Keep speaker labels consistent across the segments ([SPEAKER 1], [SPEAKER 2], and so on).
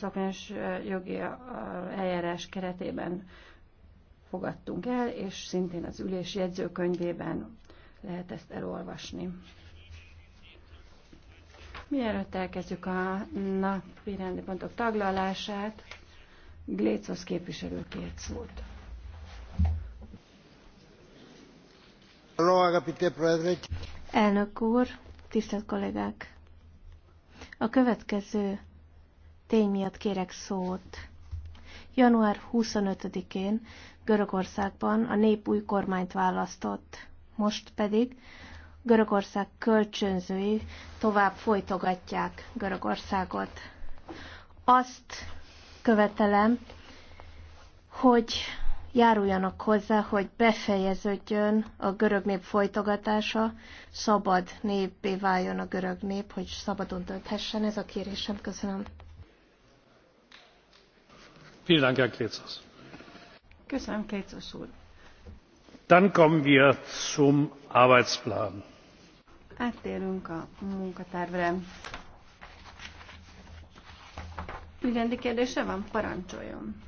[SPEAKER 1] szakmányos jogi eljárás keretében fogadtunk el, és szintén az ülés jegyzőkönyvében lehet ezt elolvasni. Mielőtt elkezdjük a napi rendi pontok taglalását, Glécosz képviselő két szót.
[SPEAKER 2] Elnök úr, tisztelt kollégák! A következő tény miatt kérek szót. Január 25-én Görögországban a nép új kormányt választott, most pedig Görögország kölcsönzői tovább folytogatják Görögországot. Azt követelem, hogy járuljanak hozzá, hogy befejeződjön a görög nép folytogatása, szabad népé váljon a görög nép, hogy szabadon dönthessen. Ez a kérésem. Köszönöm. Köszönöm, Krécos úr.
[SPEAKER 1] Dann kommen wir zum Arbeitsplan. Áttérünk a munkatárvre. Ügyrendi Parancsoljon.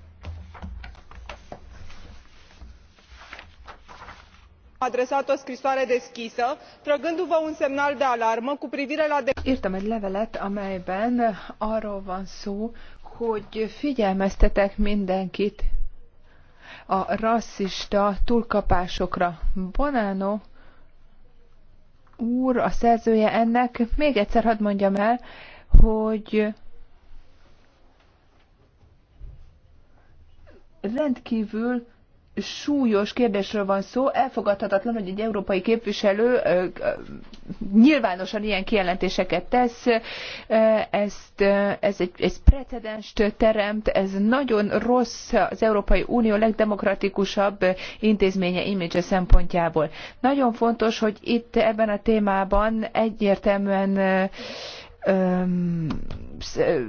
[SPEAKER 3] adresat o scrisoare deschisă trăgându vă un semnal de alarmă cu privire la. írtam egy levelet amelyben arról van szó hogy figyelmeztetek mindenkit a rasszista túlkapásokra. Bonano úr, a szerzője ennek, még egyszer hadd mondjam el, hogy rendkívül súlyos kérdésről van szó. Elfogadhatatlan, hogy egy európai képviselő nyilvánosan ilyen kijelentéseket tesz. Ezt, ez egy ez precedenst teremt, ez nagyon rossz az Európai Unió legdemokratikusabb intézménye image szempontjából. Nagyon fontos, hogy itt ebben a témában egyértelműen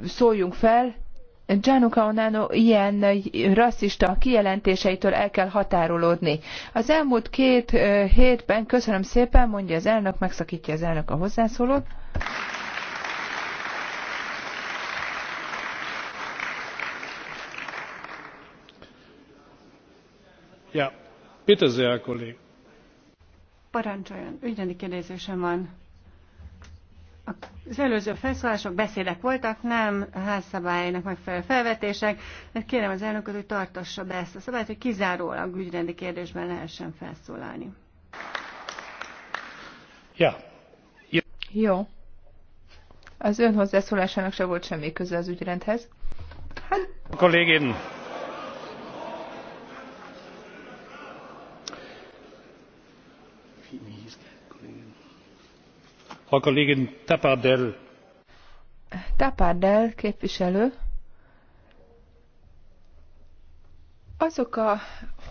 [SPEAKER 3] szóljunk fel, Gianluca Onano ilyen rasszista kijelentéseitől el kell határolódni. Az elmúlt két hétben, köszönöm szépen, mondja az elnök, megszakítja az elnök a hozzászólót.
[SPEAKER 1] Ja, Parancsoljon, ügyrendi kérdésem van. Az előző felszólások beszédek voltak, nem házszabálynak megfelelő felvetések, mert kérem az elnököt, hogy tartassa be ezt a szabályt, hogy kizárólag ügyrendi kérdésben lehessen felszólalni. Ja. Jó.
[SPEAKER 3] Jó. Az ön hozzászólásának se volt semmi köze az ügyrendhez.
[SPEAKER 1] Hát... A kollégén frau kollegin tapardell!
[SPEAKER 3] tapardell képviselő azok a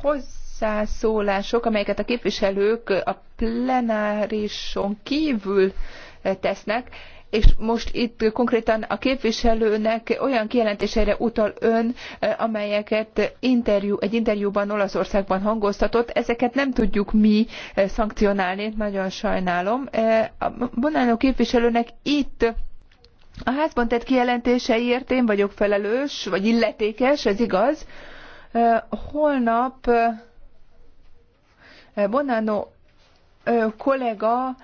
[SPEAKER 3] hozzászólások amelyeket a képviselők a plenárison kvül tesznek és most itt konkrétan a képviselőnek olyan kijelentéseire utal ön, eh, amelyeket interjú, egy interjúban Olaszországban hangoztatott. Ezeket nem tudjuk mi eh, szankcionálni, nagyon sajnálom. Eh, a Bonanno képviselőnek itt a házban tett kijelentéseiért én vagyok felelős, vagy illetékes, ez igaz. Holnap Bonanno kollega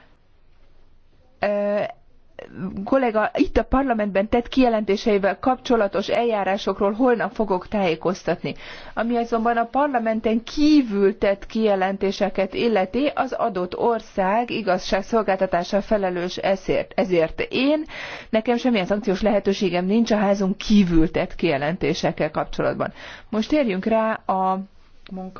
[SPEAKER 3] kollega itt a parlamentben tett kijelentéseivel kapcsolatos eljárásokról holnap fogok tájékoztatni. Ami azonban a parlamenten kívül tett kijelentéseket illeti, az adott ország igazságszolgáltatása felelős ezért. ezért én, nekem semmilyen szankciós lehetőségem nincs a házon kívül tett kijelentésekkel kapcsolatban. Most térjünk rá a